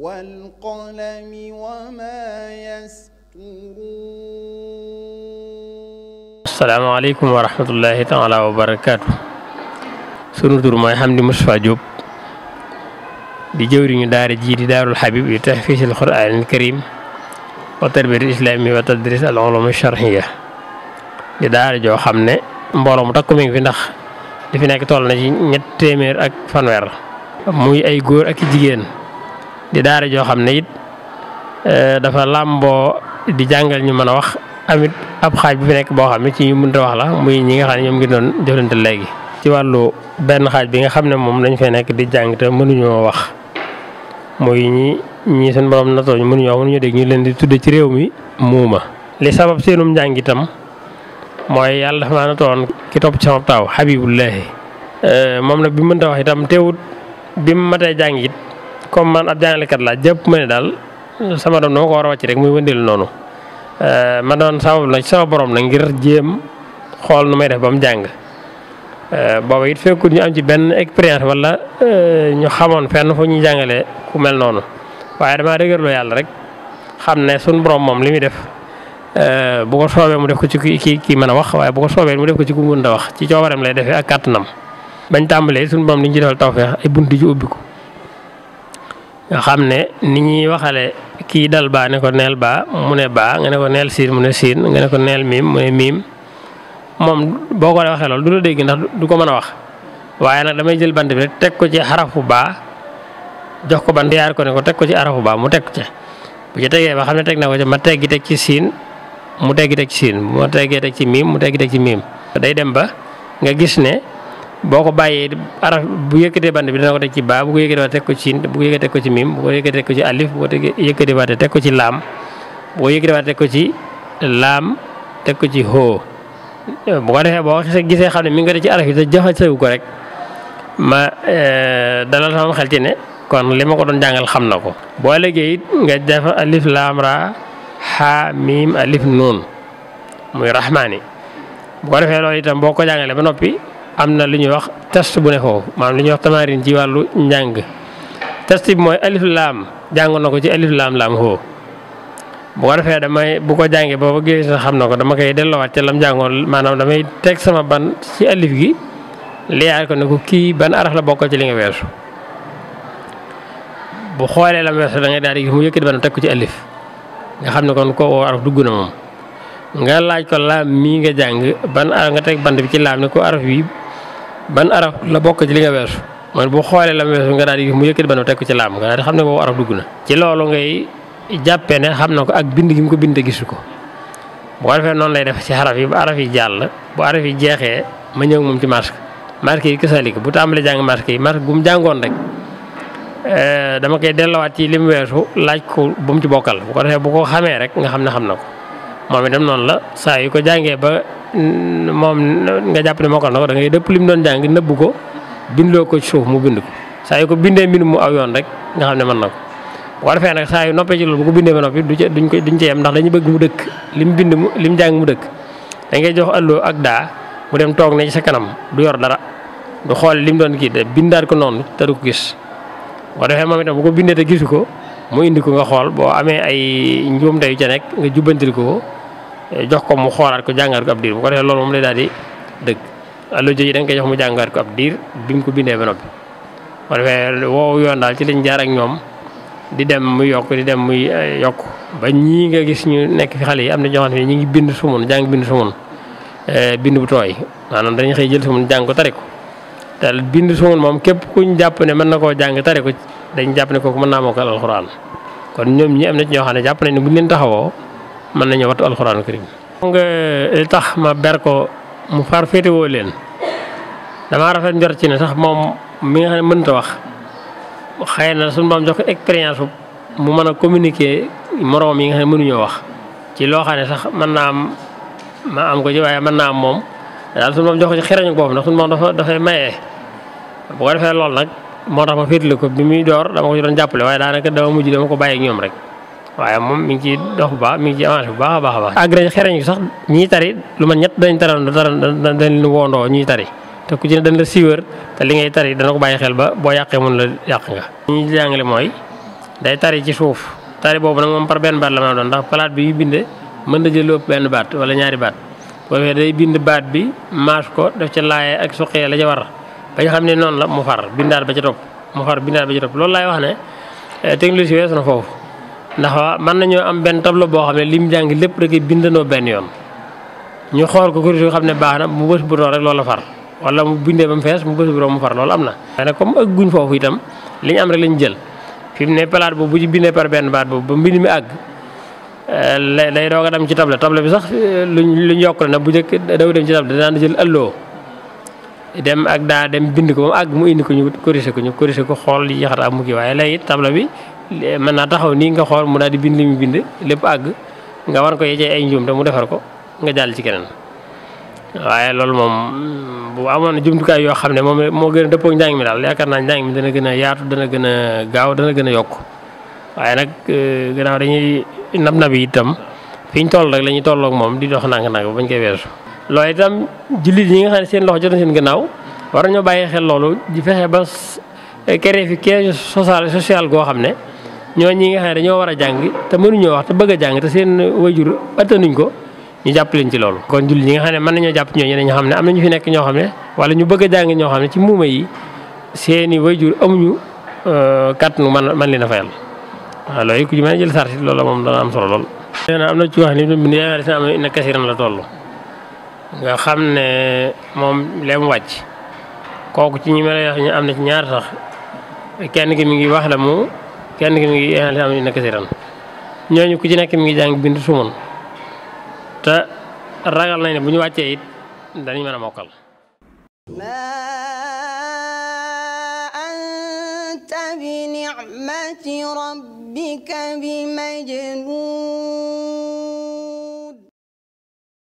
والقلم وما يسطرون asalaamaaleykum wa rahmatullahi taala wa barakaatu sunu tur mooy Hamdi Moustapha Diop di jëwriñu daara ji di daarul Habib yu tahfiisil Qur'aanil Kariim wa tarbiyatil islaami wa tadris al ulum shar'iyya di daara joo xam ne mbooloo mu takku mi ngi fi ndax li fi nekk toll na ci ñett téeméer ak fanweer muy ay góor ak jigéen di daara joo xam ne it eh, dafa làmboo di jàngal ñu mën a wax amit ab xaaj bu fi nekk boo xam ne ci ñu wax la muy ñi nga xam ne ñoom ngi doon jëflante léegi. ci wàllu benn xaaj bi nga xam ne moom dañ fay nekk di jàng te mënuñoo wax muy ñi ñi seen borom natoo ñu mënuñoo wax mënuñoo dégg ñu leen di tudde ci réew mi muuma. li sabab seenum njàng itam mooy yàlla dafa maa natoon ki topp ci sama taaw Habibullahi eh, moom nag bi mënta wax itam teewut bi mu matee jàng it comme man ab jàngalekat laa jàpp ma ne daal sama dom no ko wara wacc rek muy nonu euh man don sa la sa borom na ngir jéem xol numay def bam jang euh booba it fekkul ñu am ci ben experience wala eh, ñu xamone fenn fu ñu jàngalee ku mel waye dama damaa lo yalla rek xamne sun borom moom limi def euh bu ko soobee mu def ko ci ki ki mën wax waye bu ko soobee mu def ko ci ku mën wax ci coobareem lay defee ak kàttanam bañ tambalé sun borom li ñu ci ay buntu ji ubbiku xam ne ni ñuy waxale kii dal baa ne ko neel baa mu ne baa nga ne ko neel siin mu ne siin nga ne ko neel miim mu ne miim moom boo ko waxee loolu du la dégg ndax du ko mën a wax waaye nag damay jël bant bi rek teg ko ci xarafu baa jox ko bant yaar ko ne ko teg ko ci xarafu baa mu teg ca bu ci tegee ba xam ne teg na ko ca ma teggi teg ci siin mu teggi teg ci siin mu teggee teg ci miim mu teggi teg ci miim day dem ba nga gis ne boo ko bàyyee araf bu yëkkatee bant bi dana ko teg ci baa bu ko yëkkatee waate teg ko ci bu ko yëkkatee ko ci mim bu ko ko ci alif bu ko yëkkatee waate teg ko ci laam bu ko yëkkatee waate ko ci laam teg ko ci hoo bu ko defee boo gisee xam ne mi ngi ko def ci araf te jafa sewu ko rek ma eh, dalal sama xel ci ne kon li ma ko doon jàngal xam na ko boo léegi it nga def alif laam ra xaa miim alif nuun muy rahmaani bu ko defee loolu boo ko jàngalee ba noppi am na lu ñuy wax test bu ne foofu maanaam lu ñuy wax tamarin ci wàllu njàng test bi mooy alif laam jàng na ko ci alif laam laam foofu bu ko bu ko jàngee booba gis na xam na ko dama koy delloowaat ca lam jàngoon damay teg sama ban ci alif gi liyaar ko ne ko kii ban araf la bokkal ci li nga weesu bu xoolee la weesu da ngay daal di gis mu teg ko ci alif nga xam ne kon ko woo araf dugg na moom nga laaj ko laam mii nga jàng ban araf nga teg bant bi ci laam ne ko araf bi ban araf la bokk ci li nga weesu mooy bu xoolee la mu weesu nga daal di mu yëkkati ba nu teg ko ci laam nga daal di xam ne boobu araf dugg na. ci loolu ngay jàppee ne xam na ko ak bind gi mu ko bind gisu ko bu ko noonu lay def ci araf yi bu araf yi jàll bu araf yi jeexee ma ñëw moom ci marque marque yi kasalik bu tàmbalee jàng marque yi marque gu mu jàngoon rek eh, dama koy delloowaat ci li mu weesu laaj ko bu mu ci bokkal bu ko defee bu ko xamee rek nga xam ne xam na ko moom itam noonu la saa yu ko jàngee ba. moom nga jàpp ne moo ko na ko dëpp li mu doon jàng nëbb ko bindloo ko ci suuf mu bind ko ko bindee mbind mu aw yoon rek nga ne mën na ko. defee nag saa yu noppee ci loolu bu ko bindee ba noppi du ca duñ ko duñ ca yem ndax dañu bëgg mu dëkk li mu bind mu li mu jàng mu dëkk dangay jox alloo ak daa mu dem toog ne ci sa kanam du yor dara du xool li mu doon kii de bindaat ko noonu te du ko gis. bu ko defee moom itam bu ko bindee te gisu ko mu indi ko nga xool boo amee ay njuumte yu ca nekk nga jubbantil ko jox ko mu xoolaat ko jàngaat ko ab diir bu ko defee loolu moom lay daal di dëgg allo ji da koy jox mu jàngaat ko ab diir bi ko bindee ba noppi. bu ko defee woowu yoon daal ci lañ jaar ak ñoom di dem muy yokk di dem muy eh, yokk ba ñii nga gis ñu nekk fi xale yi am na ñoo xam ne ñu ngi bind sumun jàng bind sumun eh, bind bu tooy maanaam dañuy xëy jël sumun jàng ko tari ko te bind sumun moom képp kuñ jàpp ne mën na koo jàng tari ko dañ jàpp ne kooku mën naa mokkal alxuraan kon ñoom ñi am na ci ñoo xam ne jàpp nañ bu buñ leen taxawoo. mën nañu wattu alxuraanu karim nga li tax ma ber ko mu far féetewoo leen damaa rafet njort ci ne sax moom mu nga xam ne mënta wax xëy na suñu boom jox ko expérience mu mën a communiquer moroom yi nga xam ne mënuñoo wax ci loo xam sax man naa am ma am ko ci waaye mën naa am moom daal suñu moom jox ko ci xerañu boobu ndax suñu moom dafa dafay maye bu ko defee loolu nag moo tax ma féetlu ko bi muy door dama ko ci doon jàppale waaye daanaka dama mujj dama ko bàyyi ak rek waye mom mi ngi dox ba mi ngi avancé ba ba ba baax a xereñ ah, sax ñi tari lu ma ñett dañ taral dañ dañ wondo ñi tari te ku jina dañ la siiwër te li ngay tari dañ ko baye xel ba bo yaqé mon la yaq nga ñi jangale moy day tari ci suuf tari bobu nak mom par ben bat la ma a doon ndax palaat bi yu binde mën na jël ben bat wala ñaari bat bo wé day bind bat bi maas ko def ci laye ak suqee la ja war ba nga xam non la mu far bindaat ba ci top mu far bindaat ba ci top lool lay wax ne eh, technologie weesu na foofu ndax mën nañoo am benn tableau boo xam ne lim jàng lépp rek bindanoo benn yoon ñu xool ko kuréel yoo xam ne baax na mu bës bu doon rek loola far wala mu bindee ba mu fees mu bës bu doon mu far loolu am na. mais nag comme ëgguñ foofu itam li ñu am rek lañ jël fi mu ne palaat boobu bu ci par benn baat ba mbind mi àgg eh, lay lay doog a dem ci table table bi sax eh, luñ luñ yokk ne bu njëkk daw dem ci table dinaan jël ëlloo dem ak daa dem bind ko ba mu àgg mu indi ko ñu corrigé ko ñu corrigé ko xool yi xataa mu kii waaye lay table bi. Eh, mën naa taxaw nii nga xool mu daal di bind li mu bind lépp àgg nga war ko yejee ay njuum te mu defar ko nga jàll ci keneen waaye loolu moom bu amoon na jumtukaay yoo xam ne moom moo gën a dëppoo njàng mi daal yaakaar naa njàng mi dana gën a yaatu dana gën a gaaw dana gën a yokk waaye nag eh, gannaaw dañuy nab nab yi itam fi ñu toll rek la ñuy tolloog moom di dox ndànk-ndànk ba bañ koy weesu. loolu itam jullit yi nga xam ne seen loxo jot na seen gannaaw war nañoo xel loolu di fexe ba eh, créer fi caisse sociale goo xam ne. ñoo ñi nga xam ne dañoo war a jàng te mënuñoo wax te bëgg a jàng te seen wayjur attanuñ ko ñu jàpp leen ci loolu kon julli ñi nga xam ne mën nañoo jàpp ci ñooñu dañoo xam ne am ñu ñoo xam ne wala ñu bëgg a ñoo xam ne ci muuma yi seeni wayjur amuñu kàttanu man man leen a fayal waaw loolu ku ci mën jël sarti loolu moom dana am solo lool am na ci wax ni bind yaakaar si am na la toll nga xam ne moom leem wàcc kooku ci ñi ma lay am na ci ñaar sax kenn ki mi ngi wax la mu kenn ki mi ngi yéen a am na kasiran ñooñu ku ci nekk mi ngi jàng bind sumun te ragal nañ ne bu ñu wàccee it dañu mokal a mokkal. bi ni'mati rabbika bi majnun